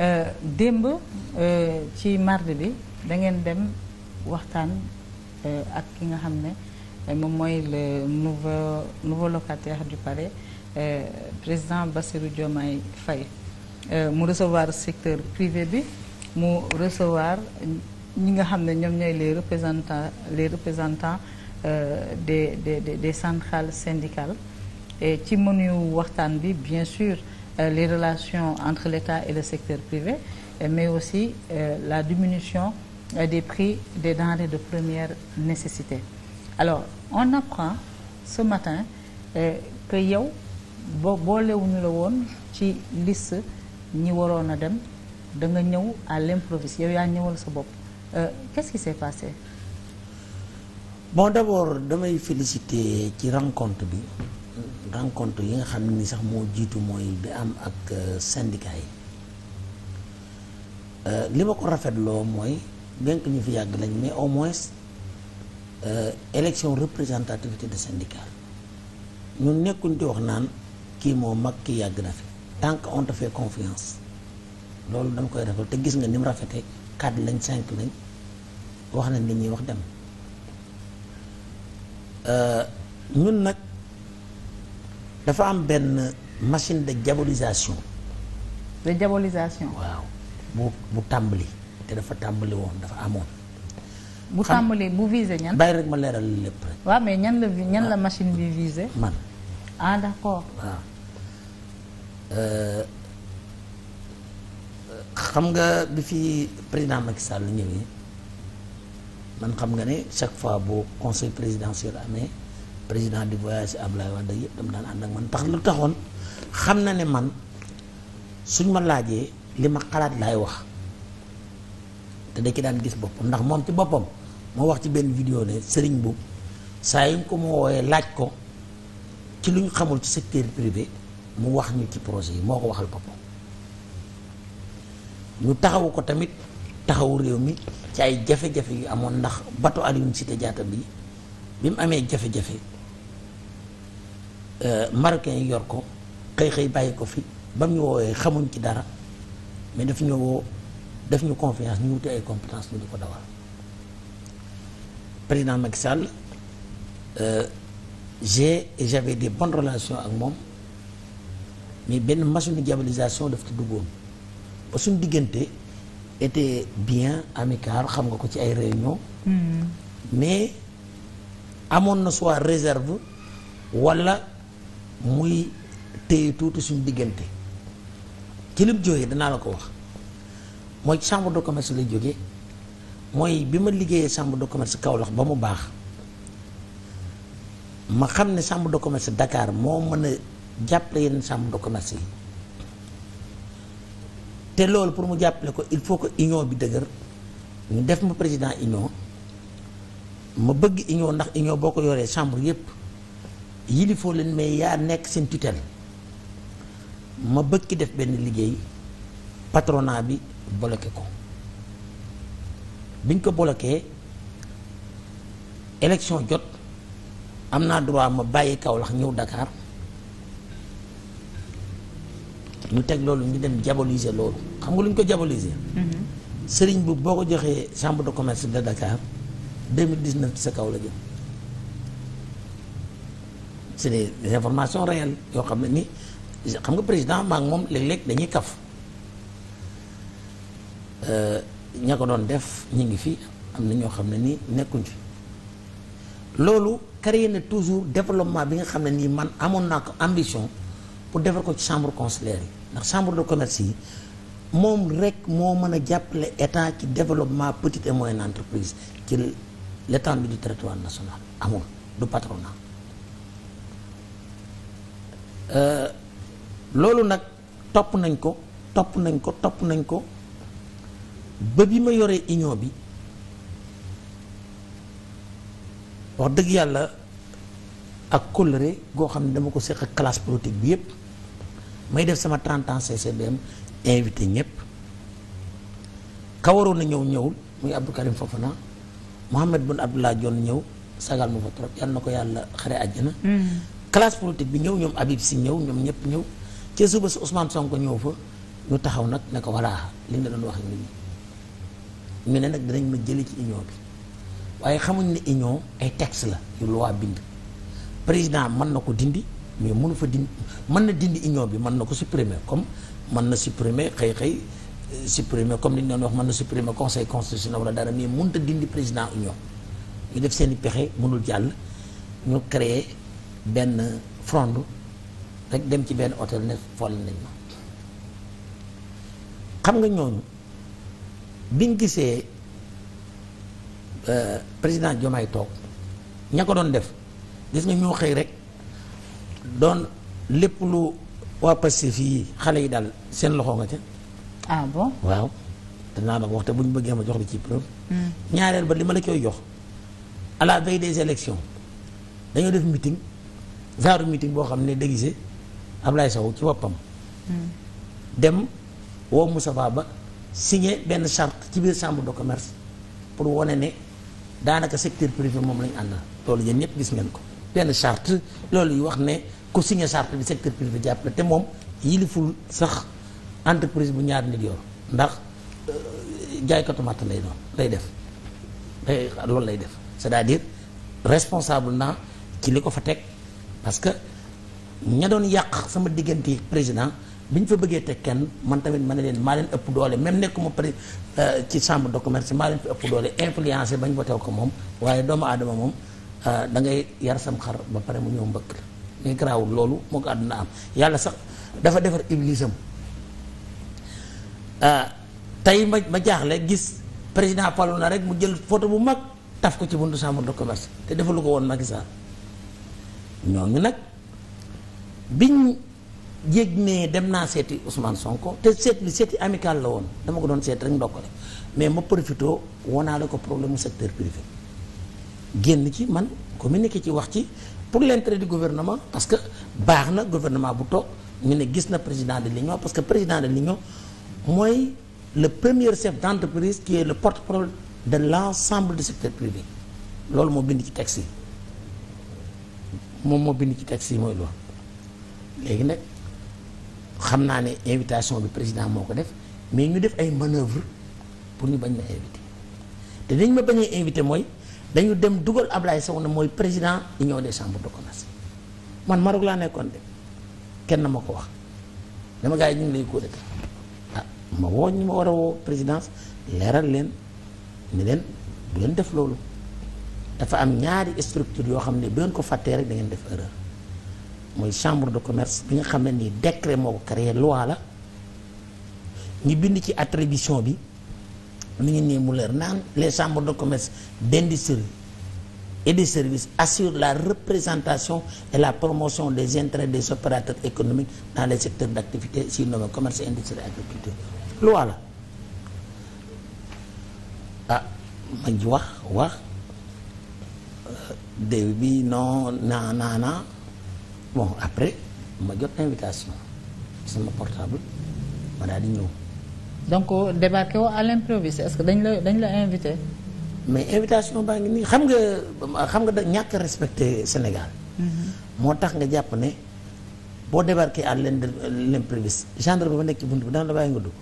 Euh, démb euh, ci mardi bi da ngeen dem waxtaan euh, ak ki nga xam ne moom mooy le nouveau nouveau locataire du palais président Bassirou Diomaye Faye mu recevoir secteur privé bi mu recevoir ñi nga xam ne ñoom ñoy les représentants les représentants des de des centrales syndicales et ci mënuñu waxtaan bi bien sûr. Euh, les relations entre l'État et le secteur privé, euh, mais aussi euh, la diminution des prix des denrées de première nécessité. Alors, on apprend ce matin que yow boo boolewuñu la woon ci liste ñi waroon a dem da nga ñëw à l'improviste yow yaa ñëwal sa bopp qu'est-ce qui s'est passé? bon d'abord damay féliciter ci rencontre bi. rencontre yi nga xam ne ni sax moo jiitu mooy bi am ak euh, syndicat yi euh, li ma ko rafetloo mooy dénk ñu fi yàgg lañ mais au moins euh, élection représentativité de syndicat ñu nekkuñ di wax naan kii moo mag kii yàgg na fi tant que on te fait confiance loolu dama koy rafet te gis nga nim mu rafetee quatre lañ cinq lañ wax nañ li ñuy wax dem ñun nag dafa am benn machine de diabolisation. de diabolisation. waaw bu bu tàmbali te dafa tàmbali woon dafa amoon. bu tàmbali bu visé ñan. bàyyi rek ma leeral lépp rek. waaw mais ñan la ñan la ah. machine bi visé. man ah d'accord. waaw euh, xam nga bi fi président Macky Sall ñëwee man xam nga ne chaque fois boo conseil présidentiel amee. président di voyage Ablaye Wade yëpp dama daan ànd ak man tax lu taxoon xam na ne man suñ ma laajee li ma xalaat laay wax te da ci daan gis boppam ndax moom ci boppam moo wax ci benn vidéo ne sëriñ bu saa yi yuñ ko ma wooyee laaj ko ci luñ xamul ci secteur privé mu wax ñu ci projet yi moo ko waxal boppam ñu taxawu ko tamit taxawu réew mi ci ay jafe-jafe yu amoon ndax bato Aline Sitoé jaata bi bi mu amee jafe-jafe Euh, marocain yi yor ko xëy xëy bàyyi ko fi ba mu ñu woowee xamuñ ci dara mais daf ñu woo daf ñu confiance ñu wuti ay compétence ñu di ko dawal président Macky Sall euh, j'ai et j'avais des bonnes relation ak moom mais benn machine diabolisation daf ci duggoon ba suñ diggante était bien amical xam nga ko ci ay réunion hmm. mais amoon na soit réserve wala muy téye tuuti suñu diggante ci lim jógee danaa la ko wax mooy chambre de commerce lay jóge mooy bi ma liggéeyee chambre de si Kaolack ba mu baax ma xam ne chambre de commerce dakaar moo mën a jàppale yenn chambre de yi te loolu pour mu jàppale ko il faut que union bi dëgër ñu def ma président union ma bëgg union ndax union boo ko yoree chambre yépp yilifoo leen mais yaa nekk seen tutelle ma bëgg def benn liggéey patronat bi bloqué ko biñ ko bloqué élection jot am naa droit ma bàyyi Kaolack ñëw dakaar ñu teg loolu ñu dem diaboliser loolu xam nga lu ñu ko diaboliser. Mm-hmm. sëriñ bu boo ko joxee chambre de commerce de Dakar 2019 sa kaw la jëm. c'est des des informations réelles yoo xam ne ni xam nga président maa ngi moom léeg-léeg dañuy kaf euh, ña ko doon def ñu ngi fi am na ñoo xam ne ni nekkuñ fi loolu créé na toujours développement bi nga xam ne nii man amoon naa ko ambition pour defar ko ci chambre consulaire yi ndax chambre de commerce yi moom rek moo mën a jàppale état ci développement petite et moyenne entreprise ci l'étendue du territoire national amul du patronat Euh, loolu nag topp nañ ko topp nañ ko topp nañ ko ba bi ma yoree union bi wax dëgg yàlla ak kóllëre goo xam ne dama ko séq ak classe politique bi yépp may def sama 30 ans CCBM invité ñëpp ka na ñëw ñëwul muy Abdou Karim Fofana Mohamed Boun Abdallah Dionne ñëw sagal ma fa trop yàlla na ko yàlla xare àjjana mm-hmm. classe politique bi ñëw ñoom Habib si ñëw ñoom ñëpp ñëw ci suba si Ousmane Sonko ñëw fa ñu taxaw nag ne ko voilà li nga doon wax nit ñi ne nag dinañ ma jëlee ci union bi waaye xamuñ ne union ay texte la yu loi bind président mën na ko dindi mais mënu fa dindi mën na dindi union bi mën na ko supprimer comme mën na supprimer xëy xëy euh, supprimer comme li ñu doon wax mën na supprimer conseil constitutionnel wala dara mais mënut a dindi président union ñu def seen i pexe mënul jàll benn fronde rek dem ci benn hôtel ne foll nañ ma xam nga ñooñu biñ gisee euh, président Diomaye toog ña ko doon def gis nga ñoo xëy rek doon lépp lu waa Pastef fii xale yi daal seen loxo nga ca. ah bon waaw. danaa la ko bu ñu bëggee ma jox la ci preuve. Hmm. ñaareel ba li ma la koy jox à la des élections dañoo def meeting. genre meeting boo xam ne déguisé Ablaye Sow ci boppam. dem woo Moustapha Ba signé benn charte ci biir chambre de commerce pour wane ne daanaka secteur privé moom lañu àndal loolu yéen ñëpp gis ngeen ko benn charte loolu yu wax ne ku signé charte bi secteur privé jàppale te moom yiliful sax entreprise bu ñaar nit yor ndax euh, jaaykatu matt lay doon lay def eh, loolu lay def c'est-à-dire responsable na ci li ko fa teg parce que ña doon yàq sama diggante président bi ñu fa bëggee teg kenn man tamit ma ne leen maa leen ëpp doole même nekkuma pré euh, ci chambre de commerce maa leen fi ëpp doole influencé bañ ba teew ko moom waaye doomu aadama moom euh, da yar sam xar pare mu ñëw mbëkk la nga loolu moo àdduna am yàlla sax dafa defar iblisam euh, tey ma ma jaaxle gis président falu na rek mu jël photo bu mag taf ko ci buntu chambre de commerce te defalu ko woon Macky ñooñu nag biñ yëg ne dem naa seeti Ousmane Sonko te seet bi seeti amical la woon dama ko doon seet rek ndokkale mais ma profité wonaale ko problème mu secteur privé génn ci man communiqué ci wax ci pour l'intérêt du gouvernement parce que baax na gouvernement bu toog ñu ne gis na président de l'union parce que président de l'union mooy le première chef d'entreprise qui est le porte-parole de l'ensemble du secteur privé loolu moo bind ci texte yi moom moo bind ci texte yi mooy loolu léegi nag xam naa ne invitation bi président moo ko def mais ñu def ay manœuvre pour ñu bañ ma invité te dañ ma bañ invité mooy dañu dem dugal Ablaye Sow na mooy président yi union des chambres de commerce man Maroc laa nekkoon de kenn ma ko wax dama gars yi ñu ngi lay ko dëkk ah ma woo ñi ma war a woo présidence leeral leen ni leen du leen def loolu dafa am ñaari structure yoo xam ne ba ngeen ko fàttee rek da ngeen def erreur mooy chambre de commerce bi nga xam ne nii décret moo ko créé loi la ñu bind ci attribution bi mu ngi nii mu leer naan les chambres de commerce d'industrie et des service assure la représentation et la promotion des intérêts des opérateurs économiques dans les secteurs d'activité surnommés commerce industrie et agriculture loi la ah ma wax wax début non naa naa naa bon après ma jot invitation sama portable ma daal di ñëw. donc débarqué woo à l'improviste est-ce que dañ la dañ la invité. mais invitation baa ngi nii xam nga xam nga da ñàkk respecte Sénégal. Mm-hmm. moo tax nga jàpp ne boo débarqué à l'improviste gendarme ba nekk ci bunt bi daan la bàyyi nga dugg.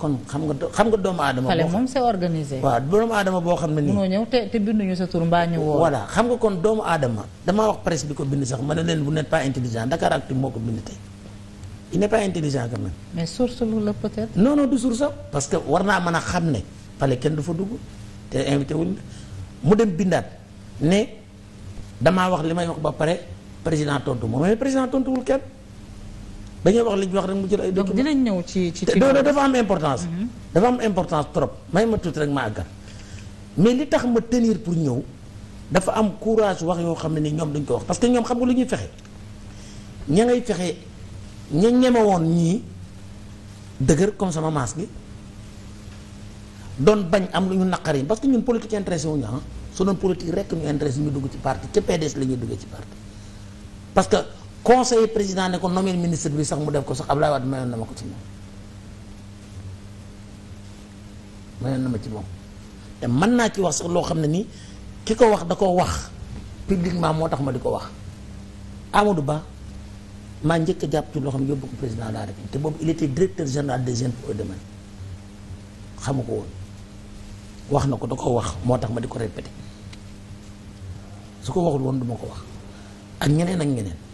kon xam nga xam nga doomu aadama. fale moom c'est organisé. waaw doomu aadama boo xam ne nii. moo ñëw te te binduñu sa tur mbaa ñu woo. voilà xam nga kon doomu aadama damaa wax presse bi ko bind sax ma ne leen vous n'êtes pas intelligent Dakaractu moo ko bind tey il n'est pas intelligent quand même. mais source lu la peut-être. non non du source parce que war naa man a xam ne fale kenn du fa dugg te invité wuñ mu dem bindaat ne damaa wax li may wax ba pare président tontu moom mais président tontuwul kenn. dañuy wax li ñu wax rek mu jël ay. donc dinañ ñëw ci ci dafa am importance. Mm-hmm. dafa am importance trop may ma tuuti rek ma àggal. mais li tax ma tenir pour ñëw dafa am courage wax yoo xam ne ni ñoom dañ ko wax parce que ñoom xam nga lu ñu fexe ña ngay fexe ña ñemewoon ñii dëgër comme sama maas doon bañ am lu ñu naqari parce que ñun politique intéressé wu ñu ah su doon politique rek ñu intéressé ñu dugg ci parti ca PDS la ñuy duggee ci parti parce conseiller président ne ko nommer ministre bi sax mu def ko sax Abdoulaye Wade mayoon na ma ko ci moom mayoon na ma ci moom te mën naa ci wax sax loo xam ne nii ki ko wax da ko wax publiquement moo tax ma di ko wax Amadou Ba maa njëkk a jàpp ci loo xam ne yóbbu ko président de la te boobu il était directeur général des jeunes pour le domaine xamu ko woon wax na ko da ko wax moo tax ma di ko répété su ko waxul woon duma ko wax ak ñeneen ak ñeneen.